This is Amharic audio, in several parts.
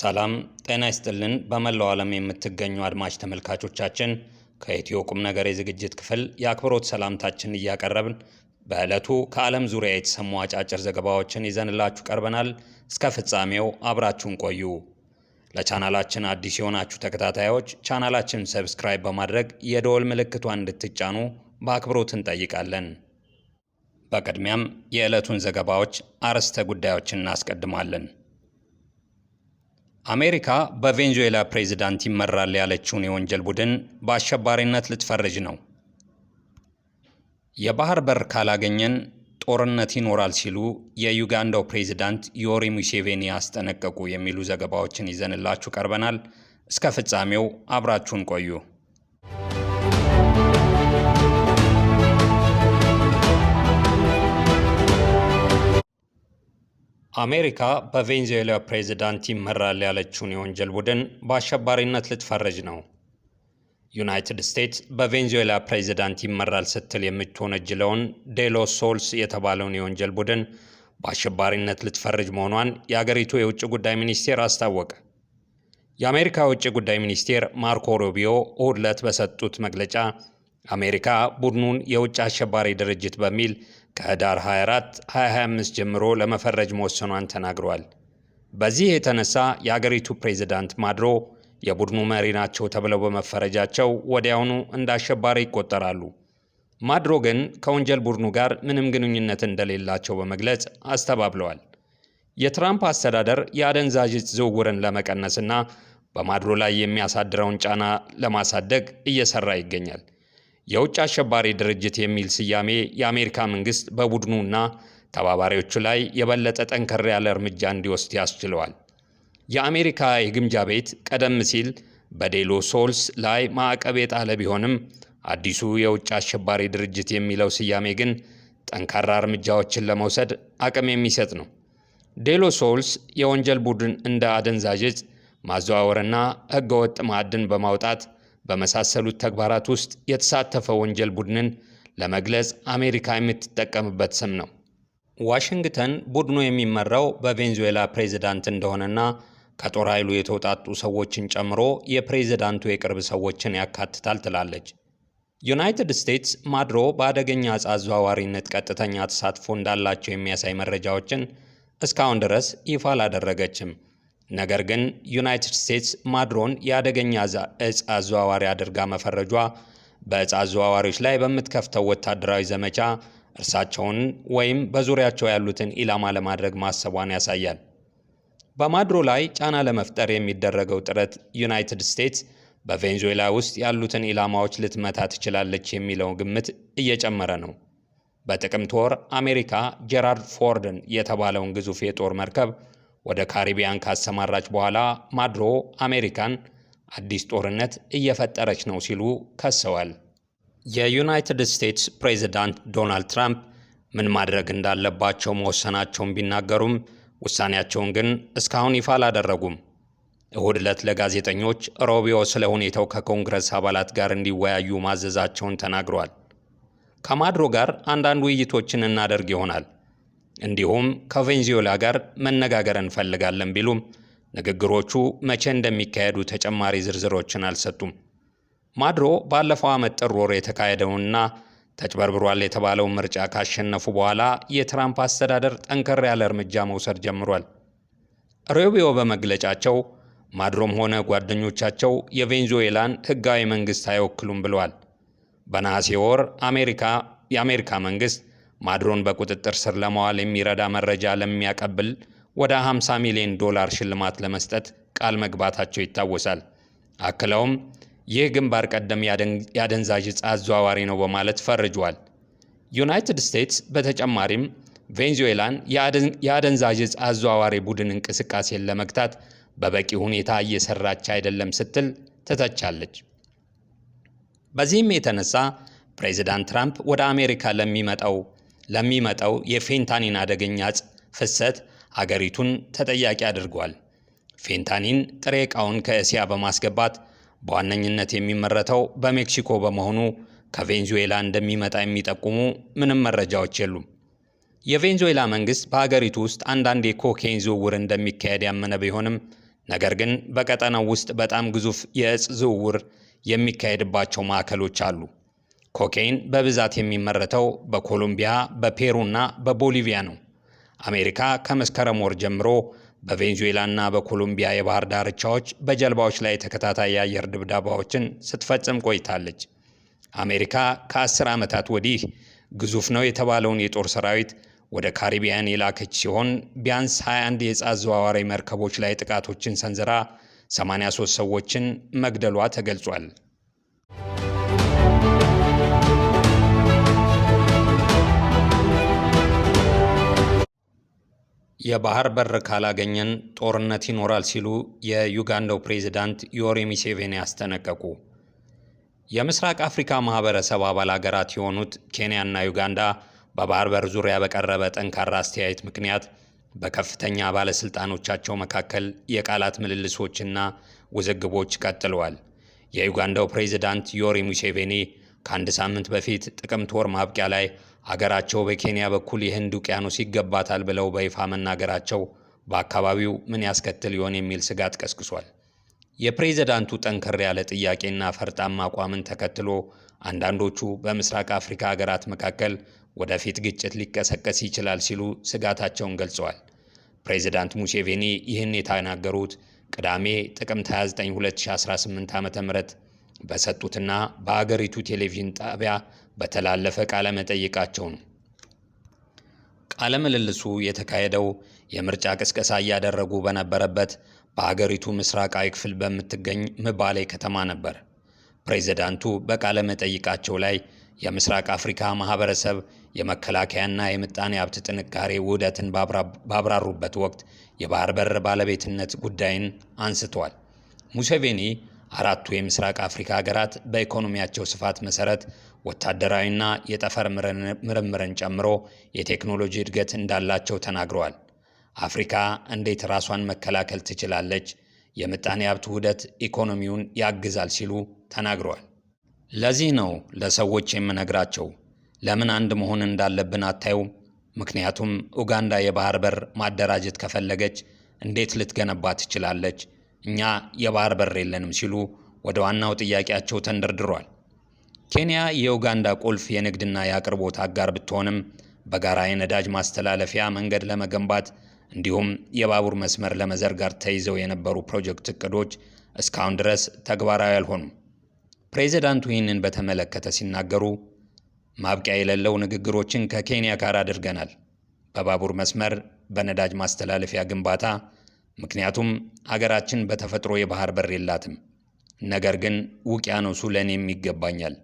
ሰላም ጤና ይስጥልን። በመላው ዓለም የምትገኙ አድማጭ ተመልካቾቻችን ከኢትዮ ቁም ነገር የዝግጅት ክፍል የአክብሮት ሰላምታችን እያቀረብን በዕለቱ ከዓለም ዙሪያ የተሰሙ አጫጭር ዘገባዎችን ይዘንላችሁ ቀርበናል። እስከ ፍጻሜው አብራችሁን ቆዩ። ለቻናላችን አዲስ የሆናችሁ ተከታታዮች ቻናላችን ሰብስክራይብ በማድረግ የደወል ምልክቷን እንድትጫኑ በአክብሮት እንጠይቃለን። በቅድሚያም የዕለቱን ዘገባዎች አርዕስተ ጉዳዮችን እናስቀድማለን። አሜሪካ በቬንዙዌላ ፕሬዝዳንት ይመራል ያለችውን የወንጀል ቡድን በአሸባሪነት ልትፈርጅ ነው። የባህር በር ካላገኘን ጦርነት ይኖራል ሲሉ የዩጋንዳው ፕሬዝዳንት ዮሪ ሙሴቬኒ አስጠነቀቁ የሚሉ ዘገባዎችን ይዘንላችሁ ቀርበናል። እስከ ፍጻሜው አብራችሁን ቆዩ። አሜሪካ በቬንዙዌላ ፕሬዝዳንት ይመራል ያለችውን የወንጀል ቡድን በአሸባሪነት ልትፈረጅ ነው። ዩናይትድ ስቴትስ በቬንዙዌላ ፕሬዝዳንት ይመራል ስትል የምትወነጅለውን ዴሎ ሶልስ የተባለውን የወንጀል ቡድን በአሸባሪነት ልትፈርጅ መሆኗን የአገሪቱ የውጭ ጉዳይ ሚኒስቴር አስታወቀ። የአሜሪካ የውጭ ጉዳይ ሚኒስቴር ማርኮ ሩቢዮ እሁድ ዕለት በሰጡት መግለጫ አሜሪካ ቡድኑን የውጭ አሸባሪ ድርጅት በሚል ከህዳር 24 2025 ጀምሮ ለመፈረጅ መወሰኗን ተናግሯል። በዚህ የተነሳ የአገሪቱ ፕሬዝዳንት ማድሮ የቡድኑ መሪ ናቸው ተብለው በመፈረጃቸው ወዲያውኑ እንደ አሸባሪ ይቆጠራሉ። ማድሮ ግን ከወንጀል ቡድኑ ጋር ምንም ግንኙነት እንደሌላቸው በመግለጽ አስተባብለዋል። የትራምፕ አስተዳደር የአደንዛዥ ዕፅ ዝውውርን ለመቀነስና በማድሮ ላይ የሚያሳድረውን ጫና ለማሳደግ እየሰራ ይገኛል። የውጭ አሸባሪ ድርጅት የሚል ስያሜ የአሜሪካ መንግስት በቡድኑና ተባባሪዎቹ ላይ የበለጠ ጠንከር ያለ እርምጃ እንዲወስድ ያስችለዋል። የአሜሪካ የግምጃ ቤት ቀደም ሲል በዴሎ ሶልስ ላይ ማዕቀብ የጣለ ቢሆንም አዲሱ የውጭ አሸባሪ ድርጅት የሚለው ስያሜ ግን ጠንካራ እርምጃዎችን ለመውሰድ አቅም የሚሰጥ ነው። ዴሎ ሶልስ የወንጀል ቡድን እንደ አደንዛዥ እጽ ማዘዋወርና ህገወጥ ማዕድን በማውጣት በመሳሰሉት ተግባራት ውስጥ የተሳተፈ ወንጀል ቡድንን ለመግለጽ አሜሪካ የምትጠቀምበት ስም ነው። ዋሽንግተን ቡድኑ የሚመራው በቬንዙዌላ ፕሬዚዳንት እንደሆነና ከጦር ኃይሉ የተውጣጡ ሰዎችን ጨምሮ የፕሬዚዳንቱ የቅርብ ሰዎችን ያካትታል ትላለች። ዩናይትድ ስቴትስ ማድሮ በአደገኛ ዕፅ አዘዋዋሪነት ቀጥተኛ ተሳትፎ እንዳላቸው የሚያሳይ መረጃዎችን እስካሁን ድረስ ይፋ አላደረገችም። ነገር ግን ዩናይትድ ስቴትስ ማድሮን የአደገኛ እጽ አዘዋዋሪ አድርጋ መፈረጇ በእጽ አዘዋዋሪዎች ላይ በምትከፍተው ወታደራዊ ዘመቻ እርሳቸውን ወይም በዙሪያቸው ያሉትን ኢላማ ለማድረግ ማሰቧን ያሳያል። በማድሮ ላይ ጫና ለመፍጠር የሚደረገው ጥረት ዩናይትድ ስቴትስ በቬንዙዌላ ውስጥ ያሉትን ኢላማዎች ልትመታ ትችላለች የሚለው ግምት እየጨመረ ነው። በጥቅምት ወር አሜሪካ ጄራርድ ፎርድን የተባለውን ግዙፍ የጦር መርከብ ወደ ካሪቢያን ካሰማራች በኋላ ማድሮ አሜሪካን አዲስ ጦርነት እየፈጠረች ነው ሲሉ ከሰዋል። የዩናይትድ ስቴትስ ፕሬዚዳንት ዶናልድ ትራምፕ ምን ማድረግ እንዳለባቸው መወሰናቸውን ቢናገሩም ውሳኔያቸውን ግን እስካሁን ይፋ አላደረጉም። እሁድ ዕለት ለጋዜጠኞች ሮቢዮ ስለ ሁኔታው ከኮንግረስ አባላት ጋር እንዲወያዩ ማዘዛቸውን ተናግሯል። ከማድሮ ጋር አንዳንድ ውይይቶችን እናደርግ ይሆናል እንዲሁም ከቬንዙዌላ ጋር መነጋገር እንፈልጋለን ቢሉም ንግግሮቹ መቼ እንደሚካሄዱ ተጨማሪ ዝርዝሮችን አልሰጡም። ማድሮ ባለፈው ዓመት ጥር ወር የተካሄደውና ተጭበርብሯል የተባለው ምርጫ ካሸነፉ በኋላ የትራምፕ አስተዳደር ጠንከር ያለ እርምጃ መውሰድ ጀምሯል። ሩቢዮ በመግለጫቸው ማድሮም ሆነ ጓደኞቻቸው የቬንዙዌላን ሕጋዊ መንግሥት አይወክሉም ብለዋል። በነሐሴ ወር አሜሪካ የአሜሪካ መንግሥት ማድሮን በቁጥጥር ስር ለመዋል የሚረዳ መረጃ ለሚያቀብል ወደ 50 ሚሊዮን ዶላር ሽልማት ለመስጠት ቃል መግባታቸው ይታወሳል። አክለውም ይህ ግንባር ቀደም የአደንዛዥ ዕፅ አዘዋዋሪ ነው በማለት ፈርጇል። ዩናይትድ ስቴትስ በተጨማሪም ቬንዙዌላን የአደንዛዥ አዘዋዋሪ ቡድን እንቅስቃሴን ለመግታት በበቂ ሁኔታ እየሰራች አይደለም ስትል ትተቻለች። በዚህም የተነሳ ፕሬዚዳንት ትራምፕ ወደ አሜሪካ ለሚመጣው ለሚመጣው የፌንታኒን አደገኛ እጽ ፍሰት አገሪቱን ተጠያቂ አድርጓል። ፌንታኒን ጥሬ ዕቃውን ከእስያ በማስገባት በዋነኝነት የሚመረተው በሜክሲኮ በመሆኑ ከቬንዙዌላ እንደሚመጣ የሚጠቁሙ ምንም መረጃዎች የሉም። የቬንዙዌላ መንግስት በሀገሪቱ ውስጥ አንዳንድ የኮኬን ዝውውር እንደሚካሄድ ያመነ ቢሆንም ነገር ግን በቀጠናው ውስጥ በጣም ግዙፍ የእጽ ዝውውር የሚካሄድባቸው ማዕከሎች አሉ። ኮኬይን በብዛት የሚመረተው በኮሎምቢያ፣ በፔሩና በቦሊቪያ ነው። አሜሪካ ከመስከረም ወር ጀምሮ በቬንዙዌላና በኮሎምቢያ የባህር ዳርቻዎች በጀልባዎች ላይ ተከታታይ የአየር ድብደባዎችን ስትፈጽም ቆይታለች። አሜሪካ ከአስር ዓመታት ወዲህ ግዙፍ ነው የተባለውን የጦር ሰራዊት ወደ ካሪቢያን የላከች ሲሆን ቢያንስ 21 የዕፅ አዘዋዋሪ መርከቦች ላይ ጥቃቶችን ሰንዝራ 83 ሰዎችን መግደሏ ተገልጿል። የባህር በር ካላገኘን ጦርነት ይኖራል ሲሉ የዩጋንዳው ፕሬዝዳንት ዮሪ ሙሴቬኒ አስጠነቀቁ። የምስራቅ አፍሪካ ማህበረሰብ አባል አገራት የሆኑት ኬንያና ዩጋንዳ በባህር በር ዙሪያ በቀረበ ጠንካራ አስተያየት ምክንያት በከፍተኛ ባለስልጣኖቻቸው መካከል የቃላት ምልልሶችና ውዝግቦች ቀጥለዋል። የዩጋንዳው ፕሬዝዳንት ዮሪ ሙሴቬኒ ከአንድ ሳምንት በፊት ጥቅምት ወር ማብቂያ ላይ አገራቸው በኬንያ በኩል የህንድ ውቅያኖስ ይገባታል ብለው በይፋ መናገራቸው በአካባቢው ምን ያስከትል ይሆን የሚል ስጋት ቀስቅሷል። የፕሬዝዳንቱ ጠንከር ያለ ጥያቄና ፈርጣማ አቋምን ተከትሎ አንዳንዶቹ በምስራቅ አፍሪካ ሀገራት መካከል ወደፊት ግጭት ሊቀሰቀስ ይችላል ሲሉ ስጋታቸውን ገልጸዋል። ፕሬዚዳንት ሙሴቬኒ ይህን የተናገሩት ቅዳሜ ጥቅምት 29 2018 ዓ.ም በሰጡትና በአገሪቱ ቴሌቪዥን ጣቢያ በተላለፈ ቃለ መጠይቃቸው ነው። ቃለ ምልልሱ የተካሄደው የምርጫ ቅስቀሳ እያደረጉ በነበረበት በአገሪቱ ምስራቃዊ ክፍል በምትገኝ ምባሌ ከተማ ነበር። ፕሬዚዳንቱ በቃለ መጠይቃቸው ላይ የምስራቅ አፍሪካ ማህበረሰብ የመከላከያና የምጣኔ ሀብት ጥንካሬ ውህደትን ባብራሩበት ወቅት የባህር በር ባለቤትነት ጉዳይን አንስተዋል። ሙሴቬኒ አራቱ የምስራቅ አፍሪካ ሀገራት በኢኮኖሚያቸው ስፋት መሰረት ወታደራዊና የጠፈር ምርምርን ጨምሮ የቴክኖሎጂ እድገት እንዳላቸው ተናግረዋል። አፍሪካ እንዴት ራሷን መከላከል ትችላለች? የምጣኔ ሀብት ውህደት ኢኮኖሚውን ያግዛል ሲሉ ተናግረዋል። ለዚህ ነው ለሰዎች የምነግራቸው ለምን አንድ መሆን እንዳለብን አታዩም? ምክንያቱም ኡጋንዳ የባህር በር ማደራጀት ከፈለገች እንዴት ልትገነባ ትችላለች? እኛ የባህር በር የለንም ሲሉ ወደ ዋናው ጥያቄያቸው ተንደርድሯል። ኬንያ የኡጋንዳ ቁልፍ የንግድና የአቅርቦት አጋር ብትሆንም በጋራ የነዳጅ ማስተላለፊያ መንገድ ለመገንባት እንዲሁም የባቡር መስመር ለመዘርጋት ተይዘው የነበሩ ፕሮጀክት እቅዶች እስካሁን ድረስ ተግባራዊ አልሆኑም። ፕሬዚዳንቱ ይህንን በተመለከተ ሲናገሩ ማብቂያ የሌለው ንግግሮችን ከኬንያ ጋር አድርገናል፣ በባቡር መስመር፣ በነዳጅ ማስተላለፊያ ግንባታ፣ ምክንያቱም አገራችን በተፈጥሮ የባህር በር የላትም። ነገር ግን ውቅያኖሱ ለእኔም ይገባኛል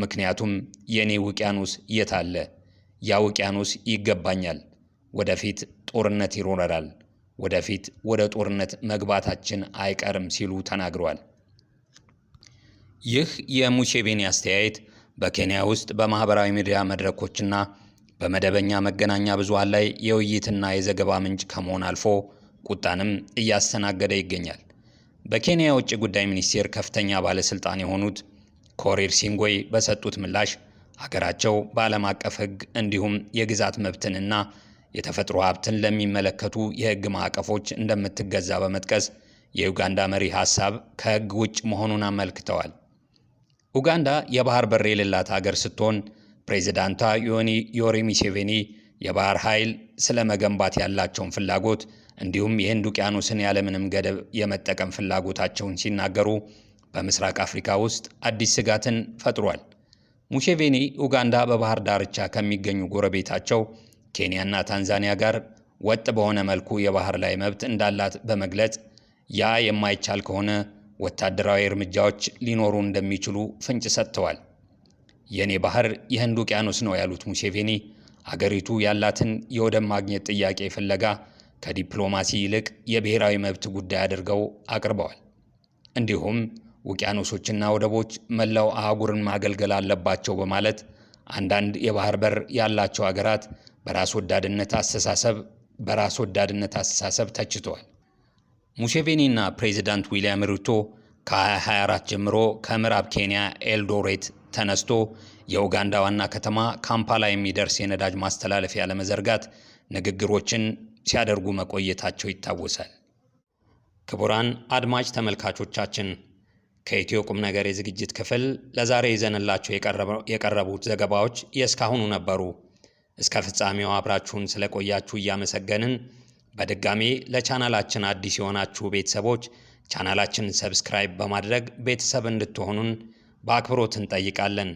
ምክንያቱም የእኔ ውቅያኖስ የት አለ? ያ ውቅያኖስ ይገባኛል። ወደፊት ጦርነት ይሮረራል። ወደፊት ወደ ጦርነት መግባታችን አይቀርም ሲሉ ተናግረዋል። ይህ የሙሴቬኒ አስተያየት በኬንያ ውስጥ በማኅበራዊ ሚዲያ መድረኮችና በመደበኛ መገናኛ ብዙሃን ላይ የውይይትና የዘገባ ምንጭ ከመሆን አልፎ ቁጣንም እያስተናገደ ይገኛል። በኬንያ የውጭ ጉዳይ ሚኒስቴር ከፍተኛ ባለሥልጣን የሆኑት ኮሪር ሲንጎይ በሰጡት ምላሽ ሀገራቸው በዓለም አቀፍ ሕግ እንዲሁም የግዛት መብትንና የተፈጥሮ ሀብትን ለሚመለከቱ የሕግ ማዕቀፎች እንደምትገዛ በመጥቀስ የዩጋንዳ መሪ ሀሳብ ከሕግ ውጭ መሆኑን አመልክተዋል። ኡጋንዳ የባህር በር የሌላት ሀገር ስትሆን ፕሬዚዳንቷ ዮኒ ዮሪ ሙሴቬኒ የባህር ኃይል ስለ መገንባት ያላቸውን ፍላጎት እንዲሁም የህንድ ውቅያኖስን ያለምንም ገደብ የመጠቀም ፍላጎታቸውን ሲናገሩ በምስራቅ አፍሪካ ውስጥ አዲስ ስጋትን ፈጥሯል። ሙሴቬኒ ኡጋንዳ በባህር ዳርቻ ከሚገኙ ጎረቤታቸው ኬንያና ታንዛኒያ ጋር ወጥ በሆነ መልኩ የባህር ላይ መብት እንዳላት በመግለጽ ያ የማይቻል ከሆነ ወታደራዊ እርምጃዎች ሊኖሩ እንደሚችሉ ፍንጭ ሰጥተዋል። የእኔ ባህር የህንድ ውቅያኖስ ነው ያሉት ሙሴቬኒ አገሪቱ ያላትን የወደብ ማግኘት ጥያቄ ፍለጋ ከዲፕሎማሲ ይልቅ የብሔራዊ መብት ጉዳይ አድርገው አቅርበዋል። እንዲሁም ውቅያኖሶችና ወደቦች መላው አህጉርን ማገልገል አለባቸው በማለት አንዳንድ የባህር በር ያላቸው አገራት በራስ ወዳድነት አስተሳሰብ በራስ ወዳድነት አስተሳሰብ ተችተዋል። ሙሴቬኒና ፕሬዚዳንት ዊልያም ሩቶ ከ2024 ጀምሮ ከምዕራብ ኬንያ ኤልዶሬት ተነስቶ የኡጋንዳ ዋና ከተማ ካምፓላ የሚደርስ የነዳጅ ማስተላለፊያ ለመዘርጋት ንግግሮችን ሲያደርጉ መቆየታቸው ይታወሳል። ክቡራን አድማጭ ተመልካቾቻችን ከኢትዮ ቁም ነገር የዝግጅት ክፍል ለዛሬ ይዘንላችሁ የቀረቡት ዘገባዎች የእስካሁኑ ነበሩ። እስከ ፍጻሜው አብራችሁን ስለቆያችሁ እያመሰገንን በድጋሜ ለቻናላችን አዲስ የሆናችሁ ቤተሰቦች ቻናላችን ሰብስክራይብ በማድረግ ቤተሰብ እንድትሆኑን በአክብሮት እንጠይቃለን።